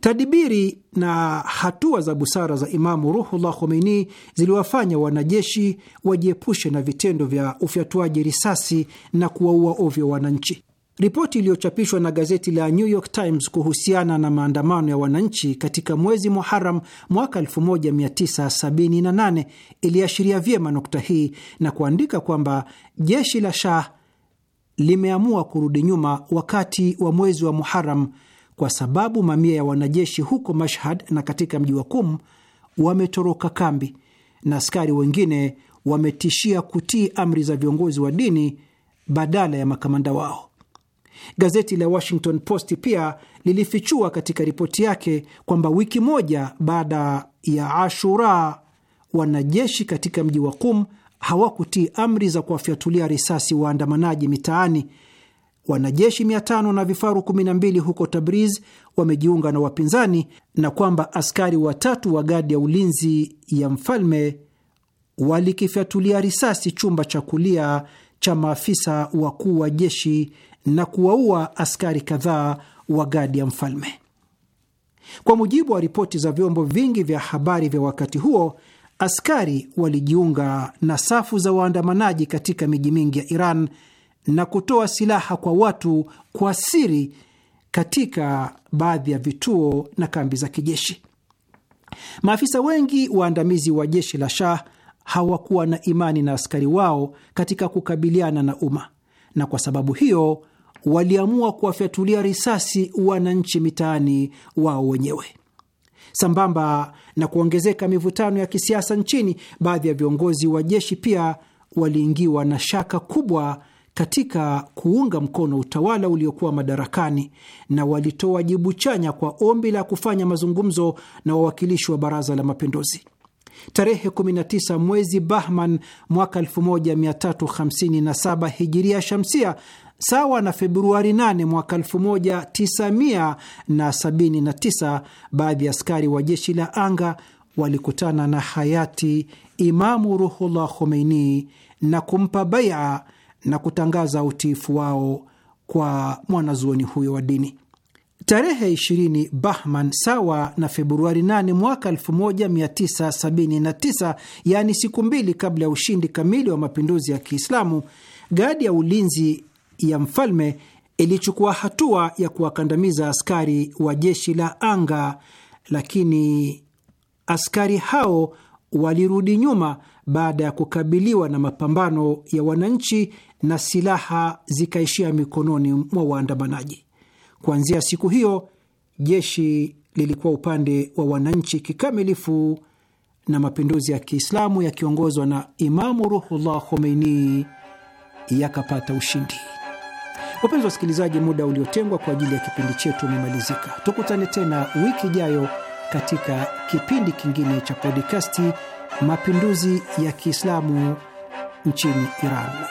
Tadibiri na hatua za busara za Imamu Ruhullah Khomeini ziliwafanya wanajeshi wajiepushe na vitendo vya ufyatuaji risasi na kuwaua ovyo wananchi. Ripoti iliyochapishwa na gazeti la New York Times kuhusiana na maandamano ya wananchi katika mwezi Muharam mwaka 1978 iliashiria vyema nukta hii na kuandika kwamba jeshi la Shah limeamua kurudi nyuma wakati wa mwezi wa Muharam kwa sababu mamia ya wanajeshi huko Mashhad na katika mji wa Kum wametoroka kambi na askari wengine wametishia kutii amri za viongozi wa dini badala ya makamanda wao. Gazeti la Washington Post pia lilifichua katika ripoti yake kwamba wiki moja baada ya Ashura, wanajeshi katika mji wa Kum hawakutii amri za kuwafyatulia risasi waandamanaji mitaani wanajeshi 500 na vifaru 12 huko Tabriz wamejiunga na wapinzani na kwamba askari watatu wa gadi ya ulinzi ya mfalme walikifyatulia risasi chumba cha kulia cha maafisa wakuu wa jeshi na kuwaua askari kadhaa wa gadi ya mfalme. Kwa mujibu wa ripoti za vyombo vingi vya habari vya wakati huo, askari walijiunga na safu za waandamanaji katika miji mingi ya Iran na kutoa silaha kwa watu kwa siri katika baadhi ya vituo na kambi za kijeshi. Maafisa wengi waandamizi wa jeshi la Shah hawakuwa na imani na askari wao katika kukabiliana na umma, na kwa sababu hiyo waliamua kuwafyatulia risasi wananchi mitaani wao wenyewe. Sambamba na kuongezeka mivutano ya kisiasa nchini, baadhi ya viongozi wa jeshi pia waliingiwa na shaka kubwa katika kuunga mkono utawala uliokuwa madarakani na walitoa jibu chanya kwa ombi la kufanya mazungumzo na wawakilishi wa Baraza la Mapinduzi. Tarehe 19 mwezi Bahman mwaka 1357 hijiria shamsia sawa na Februari 8 mwaka 1979, baadhi ya askari wa jeshi la anga walikutana na hayati Imamu Ruhullah Khomeini na kumpa baia na kutangaza utiifu wao kwa mwanazuoni huyo wa dini. Tarehe 20 Bahman sawa na Februari 8 mwaka 1979, yaani siku mbili kabla ya ushindi kamili wa mapinduzi ya Kiislamu, gadi ya ulinzi ya mfalme ilichukua hatua ya kuwakandamiza askari wa jeshi la anga, lakini askari hao walirudi nyuma baada ya kukabiliwa na mapambano ya wananchi na silaha zikaishia mikononi mwa waandamanaji. Kuanzia siku hiyo, jeshi lilikuwa upande wa wananchi kikamilifu na mapinduzi ya Kiislamu yakiongozwa na Imamu Ruhullah Khomeini yakapata ushindi. Wapenzi wasikilizaji, muda uliotengwa kwa ajili ya kipindi chetu umemalizika. Tukutane tena wiki ijayo katika kipindi kingine cha podikasti, mapinduzi ya Kiislamu nchini Iran.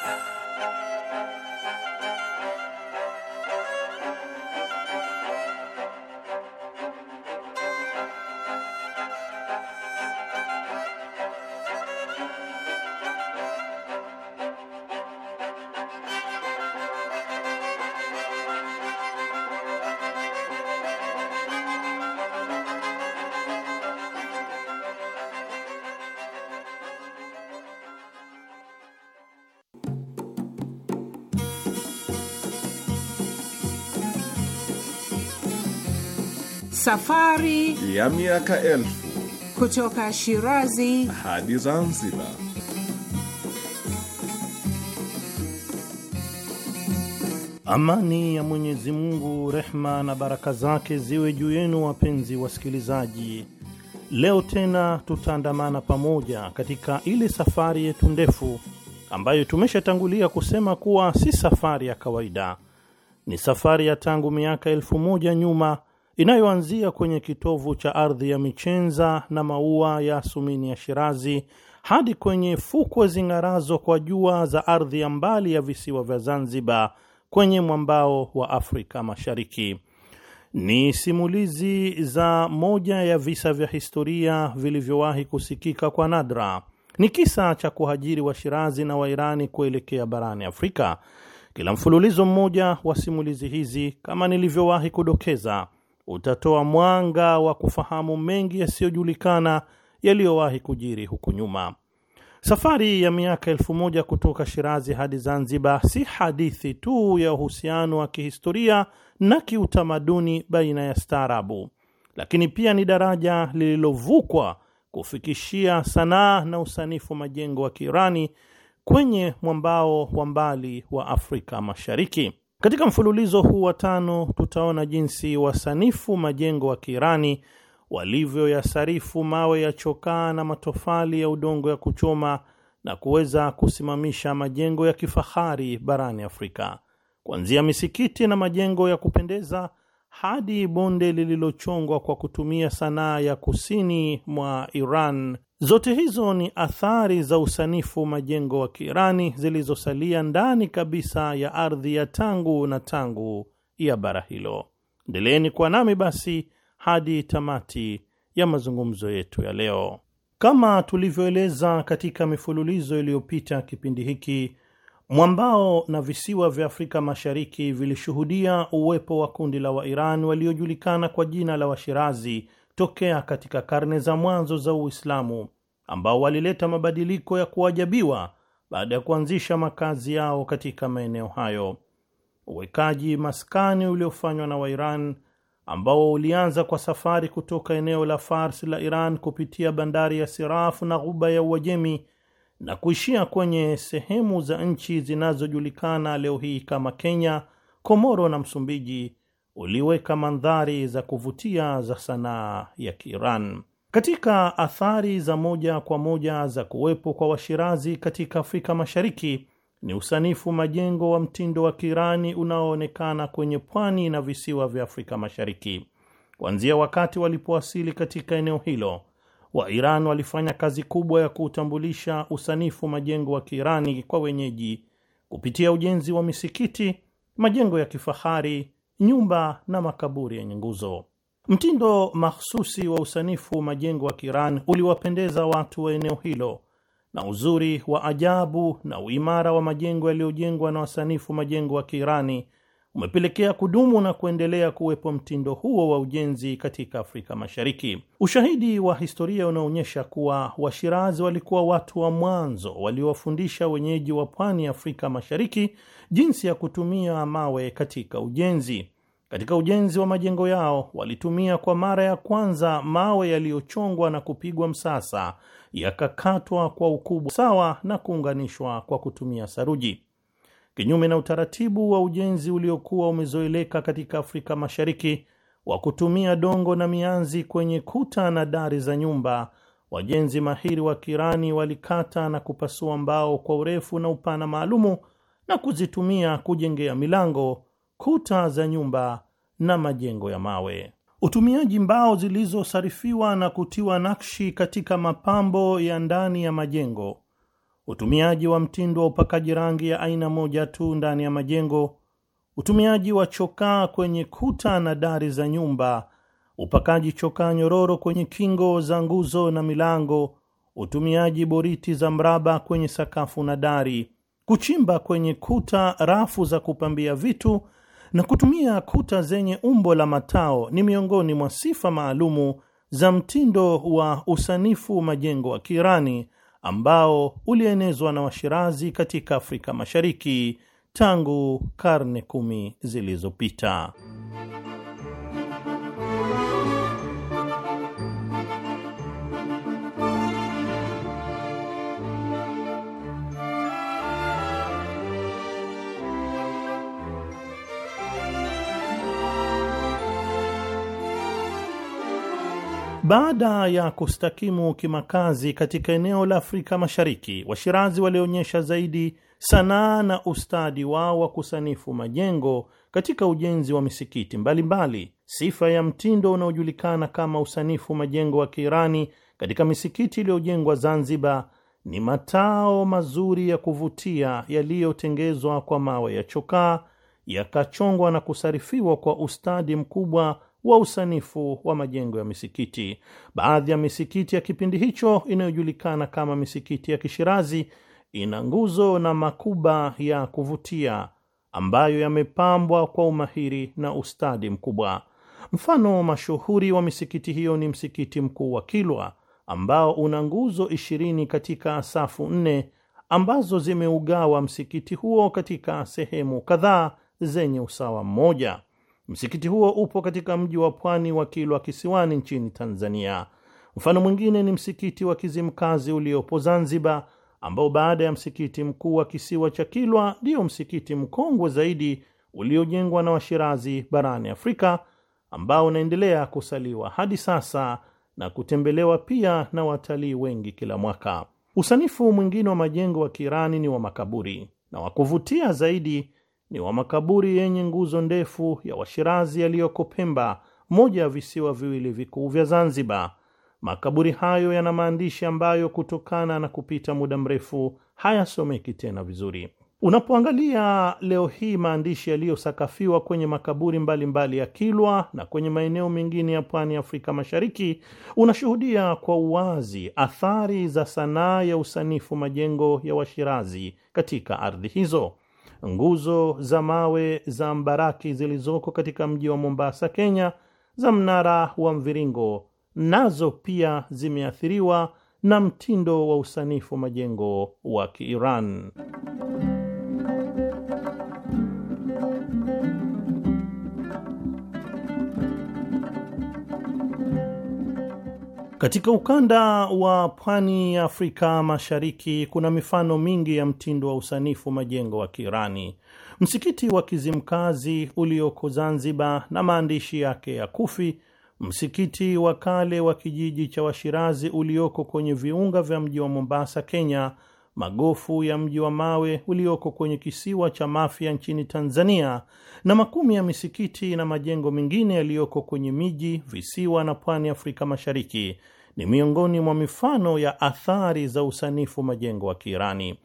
Safari ya miaka elfu kutoka Shirazi hadi Zanzibar. Amani ya Mwenyezi Mungu, rehma na baraka zake ziwe juu yenu, wapenzi wasikilizaji. Leo tena tutaandamana pamoja katika ile safari yetu ndefu ambayo tumeshatangulia kusema kuwa si safari ya kawaida, ni safari ya tangu miaka elfu moja nyuma inayoanzia kwenye kitovu cha ardhi ya michenza na maua ya sumini ya Shirazi hadi kwenye fukwe zing'arazo kwa jua za ardhi ya mbali ya visiwa vya Zanzibar kwenye mwambao wa Afrika Mashariki. Ni simulizi za moja ya visa vya historia vilivyowahi kusikika kwa nadra. Ni kisa cha kuhajiri Washirazi na Wairani kuelekea barani Afrika. Kila mfululizo mmoja wa simulizi hizi, kama nilivyowahi kudokeza, utatoa mwanga wa kufahamu mengi yasiyojulikana yaliyowahi kujiri huku nyuma. Safari ya miaka elfu moja kutoka Shirazi hadi Zanzibar si hadithi tu ya uhusiano wa kihistoria na kiutamaduni baina ya staarabu, lakini pia ni daraja lililovukwa kufikishia sanaa na usanifu majengo wa Kiirani kwenye mwambao wa mbali wa Afrika Mashariki. Katika mfululizo huu wa tano tutaona jinsi wasanifu majengo wa Kiirani walivyoyasarifu mawe ya chokaa na matofali ya udongo ya kuchoma na kuweza kusimamisha majengo ya kifahari barani Afrika, kuanzia misikiti na majengo ya kupendeza hadi bonde lililochongwa kwa kutumia sanaa ya kusini mwa Iran Zote hizo ni athari za usanifu majengo wa Kiirani zilizosalia ndani kabisa ya ardhi ya tangu na tangu ya bara hilo. Endeleeni kuwa nami basi hadi tamati ya mazungumzo yetu ya leo. Kama tulivyoeleza katika mifululizo iliyopita, kipindi hiki mwambao na visiwa vya Afrika Mashariki vilishuhudia uwepo wa kundi la wairan waliojulikana kwa jina la Washirazi tokea katika karne za mwanzo za Uislamu ambao walileta mabadiliko ya kuajabiwa baada ya kuanzisha makazi yao katika maeneo hayo. Uwekaji maskani uliofanywa na Wairan ambao ulianza kwa safari kutoka eneo la Fars la Iran kupitia bandari ya Sirafu na ghuba ya Uajemi na kuishia kwenye sehemu za nchi zinazojulikana leo hii kama Kenya, Komoro na Msumbiji uliweka mandhari za kuvutia za sanaa ya Kiiran. Katika athari za moja kwa moja za kuwepo kwa Washirazi katika Afrika Mashariki ni usanifu majengo wa mtindo wa Kiirani unaoonekana kwenye pwani na visiwa vya Afrika Mashariki. Kuanzia wakati walipowasili katika eneo hilo, wairan walifanya kazi kubwa ya kuutambulisha usanifu majengo wa Kiirani kwa wenyeji kupitia ujenzi wa misikiti, majengo ya kifahari nyumba na makaburi yenye nguzo. Mtindo mahsusi wa usanifu majengo wa Kiran uliwapendeza watu wa eneo hilo, na uzuri wa ajabu na uimara wa majengo yaliyojengwa na wasanifu majengo wa Kiirani umepelekea kudumu na kuendelea kuwepo mtindo huo wa ujenzi katika Afrika Mashariki. Ushahidi wa historia unaonyesha kuwa Washirazi walikuwa watu wa mwanzo waliowafundisha wenyeji wa pwani ya Afrika Mashariki jinsi ya kutumia mawe katika ujenzi. Katika ujenzi wa majengo yao walitumia kwa mara ya kwanza mawe yaliyochongwa na kupigwa msasa, yakakatwa kwa ukubwa sawa na kuunganishwa kwa kutumia saruji kinyume na utaratibu wa ujenzi uliokuwa umezoeleka katika Afrika Mashariki wa kutumia dongo na mianzi kwenye kuta na dari za nyumba. Wajenzi mahiri wa Kirani walikata na kupasua mbao kwa urefu na upana maalumu na kuzitumia kujengea milango, kuta za nyumba na majengo ya mawe. Utumiaji mbao zilizosarifiwa na kutiwa nakshi katika mapambo ya ndani ya majengo utumiaji wa mtindo wa upakaji rangi ya aina moja tu ndani ya majengo, utumiaji wa chokaa kwenye kuta na dari za nyumba, upakaji chokaa nyororo kwenye kingo za nguzo na milango, utumiaji boriti za mraba kwenye sakafu na dari, kuchimba kwenye kuta rafu za kupambia vitu na kutumia kuta zenye umbo la matao ni miongoni mwa sifa maalumu za mtindo wa usanifu majengo wa Kiirani ambao ulienezwa na Washirazi katika Afrika Mashariki tangu karne kumi zilizopita. Baada ya kustakimu kimakazi katika eneo la Afrika Mashariki, Washirazi walionyesha zaidi sanaa na ustadi wao wa kusanifu majengo katika ujenzi wa misikiti mbalimbali mbali. Sifa ya mtindo unaojulikana kama usanifu majengo wa Kiirani katika misikiti iliyojengwa Zanzibar ni matao mazuri ya kuvutia yaliyotengezwa kwa mawe ya chokaa yakachongwa na kusarifiwa kwa ustadi mkubwa wa usanifu wa majengo ya misikiti. Baadhi ya misikiti ya kipindi hicho inayojulikana kama misikiti ya Kishirazi ina nguzo na makuba ya kuvutia ambayo yamepambwa kwa umahiri na ustadi mkubwa. Mfano mashuhuri wa misikiti hiyo ni msikiti mkuu wa Kilwa ambao una nguzo ishirini katika safu nne ambazo zimeugawa msikiti huo katika sehemu kadhaa zenye usawa mmoja. Msikiti huo upo katika mji wa pwani wa Kilwa Kisiwani nchini Tanzania. Mfano mwingine ni msikiti wa Kizimkazi uliopo Zanzibar, ambao baada ya msikiti mkuu wa kisiwa cha Kilwa ndiyo msikiti mkongwe zaidi uliojengwa na Washirazi barani Afrika, ambao unaendelea kusaliwa hadi sasa na kutembelewa pia na watalii wengi kila mwaka. Usanifu mwingine wa majengo wa Kiirani ni wa makaburi na wa kuvutia zaidi ni wa makaburi yenye nguzo ndefu ya Washirazi yaliyoko Pemba, moja ya visiwa viwili vikuu vya Zanzibar. Makaburi hayo yana maandishi ambayo kutokana na kupita muda mrefu hayasomeki tena vizuri. Unapoangalia leo hii maandishi yaliyosakafiwa kwenye makaburi mbalimbali mbali ya Kilwa na kwenye maeneo mengine ya pwani ya Afrika Mashariki, unashuhudia kwa uwazi athari za sanaa ya usanifu majengo ya Washirazi katika ardhi hizo nguzo za mawe za Mbaraki zilizoko katika mji wa Mombasa, Kenya, za mnara wa mviringo nazo pia zimeathiriwa na mtindo wa usanifu majengo wa Kiiran. Katika ukanda wa pwani ya Afrika Mashariki kuna mifano mingi ya mtindo wa usanifu majengo wa Kiirani. Msikiti wa Kizimkazi ulioko Zanzibar na maandishi yake ya Kufi, msikiti wa kale wa kijiji cha Washirazi ulioko kwenye viunga vya mji wa Mombasa, Kenya, magofu ya mji wa mawe ulioko kwenye kisiwa cha Mafia nchini Tanzania, na makumi ya misikiti na majengo mengine yaliyoko kwenye miji, visiwa na pwani ya Afrika Mashariki ni miongoni mwa mifano ya athari za usanifu majengo wa Kiirani.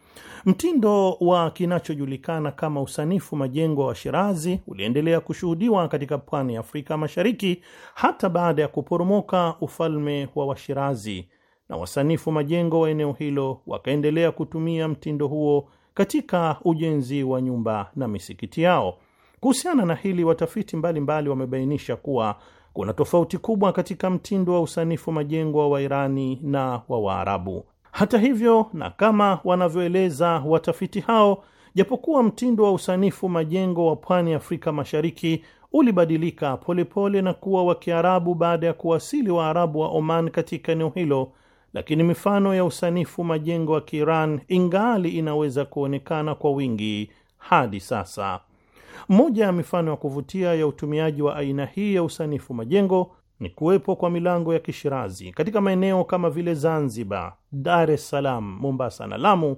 Mtindo wa kinachojulikana kama usanifu majengo wa Shirazi uliendelea kushuhudiwa katika pwani ya Afrika Mashariki hata baada ya kuporomoka ufalme wa Washirazi na wasanifu majengo wa eneo hilo wakaendelea kutumia mtindo huo katika ujenzi wa nyumba na misikiti yao. Kuhusiana na hili, watafiti mbalimbali wamebainisha kuwa kuna tofauti kubwa katika mtindo wa usanifu majengo wa Wairani na wa Waarabu. Hata hivyo, na kama wanavyoeleza watafiti hao, japokuwa mtindo wa usanifu majengo wa pwani Afrika Mashariki ulibadilika polepole na kuwa wa Kiarabu baada ya kuwasili Waarabu wa Oman katika eneo hilo lakini mifano ya usanifu majengo ya Kiiran ingali inaweza kuonekana kwa wingi hadi sasa. Moja ya mifano ya kuvutia ya utumiaji wa aina hii ya usanifu majengo ni kuwepo kwa milango ya Kishirazi katika maeneo kama vile Zanzibar, Dar es Salaam, Mombasa na Lamu.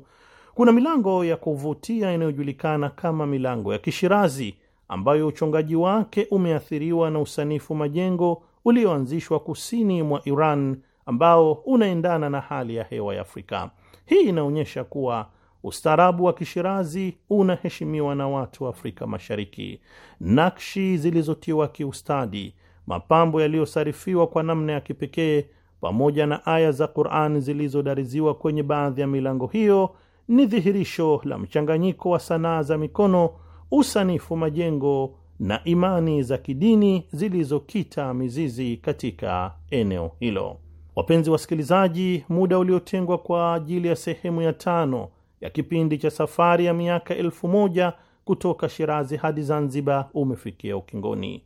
Kuna milango ya kuvutia inayojulikana kama milango ya Kishirazi ambayo uchongaji wake umeathiriwa na usanifu majengo ulioanzishwa kusini mwa Iran ambao unaendana na hali ya hewa ya Afrika. Hii inaonyesha kuwa ustaarabu wa Kishirazi unaheshimiwa na watu wa Afrika Mashariki. Nakshi zilizotiwa kiustadi, mapambo yaliyosarifiwa kwa namna ya kipekee, pamoja na aya za Qur'an zilizodariziwa kwenye baadhi ya milango hiyo ni dhihirisho la mchanganyiko wa sanaa za mikono, usanifu majengo na imani za kidini zilizokita mizizi katika eneo hilo. Wapenzi wasikilizaji, muda uliotengwa kwa ajili ya sehemu ya tano ya kipindi cha safari ya miaka elfu moja kutoka Shirazi hadi Zanzibar umefikia ukingoni,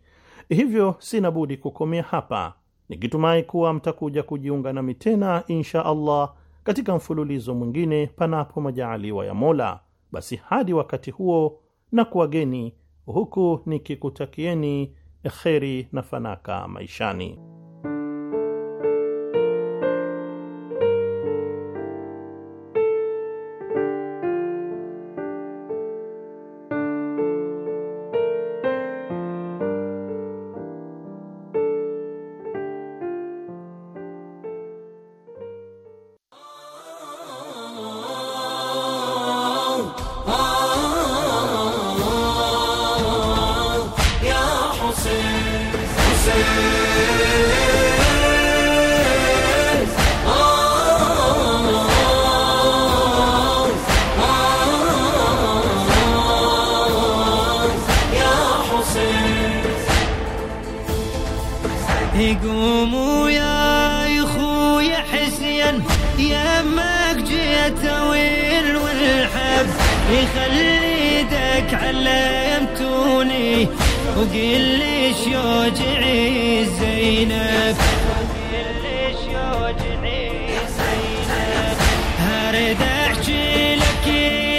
hivyo sina budi kukomea hapa nikitumai kuwa mtakuja kujiunga nami tena insha Allah katika mfululizo mwingine, panapo majaaliwa ya Mola. Basi hadi wakati huo, na kuwageni huku nikikutakieni kheri na fanaka maishani. الحبس يخلي دك علمتوني وقل لي شوجعي زينب وقل شوجعي زينب هرد احجي لك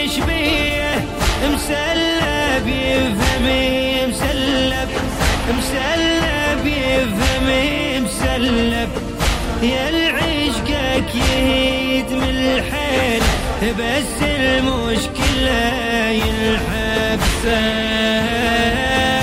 يشبيه مسلب يفهمي مسلب مسلب يفهمي مسلب يا العشقك يهيد من الحيل بس المشكلة يلحق سام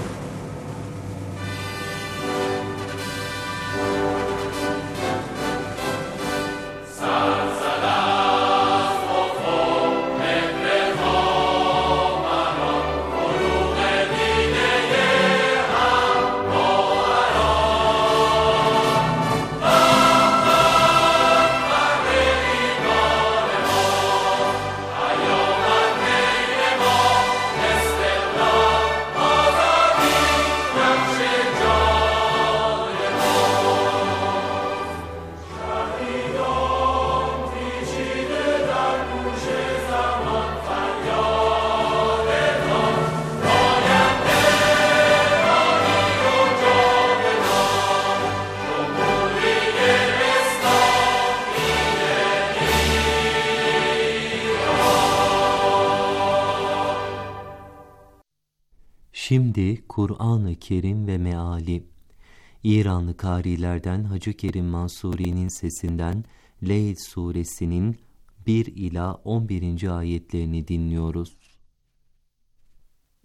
İranlı karilerden Hacı Kerim Mansuri'nin sesinden Leyl suresinin 1 ila 11. ayetlerini dinliyoruz.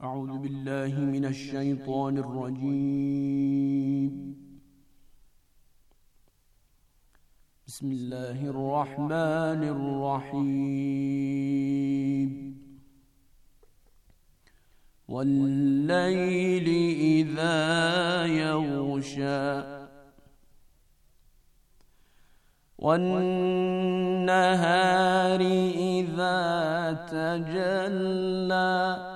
Euzu billahi mineşşeytanirracim. Bismillahirrahmanirrahim. والليل إذا يغشى والنهار إذا تجلى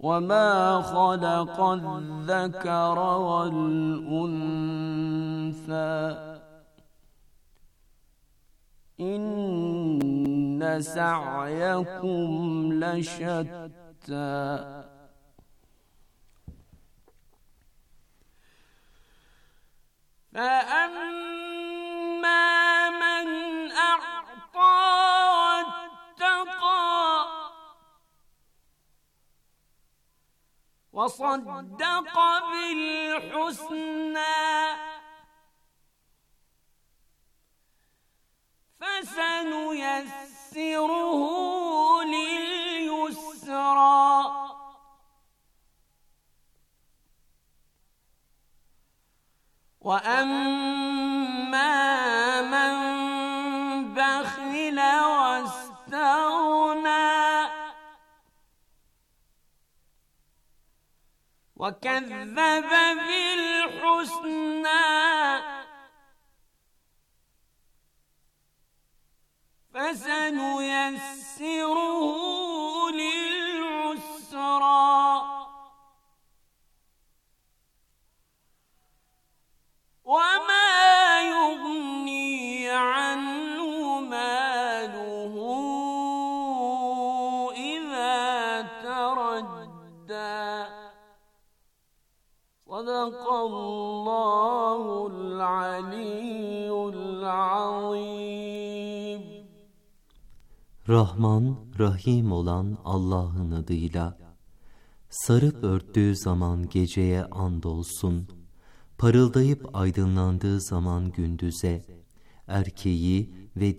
وما خلق الذكر والأنثى إن إن سعيكم لشتى فأما من أعطى واتقى وصدق بالحسنى فسنيسره لليسرى واما من بخل واستغنى وكذب بالحسنى فسنيسره للعسرى وما يغني عنه ماله إذا تردى صدق الله العلي العظيم Rahman, Rahim olan Allah'ın adıyla. Sarıp örttüğü zaman geceye andolsun. Parıldayıp aydınlandığı zaman gündüze. Erkeği,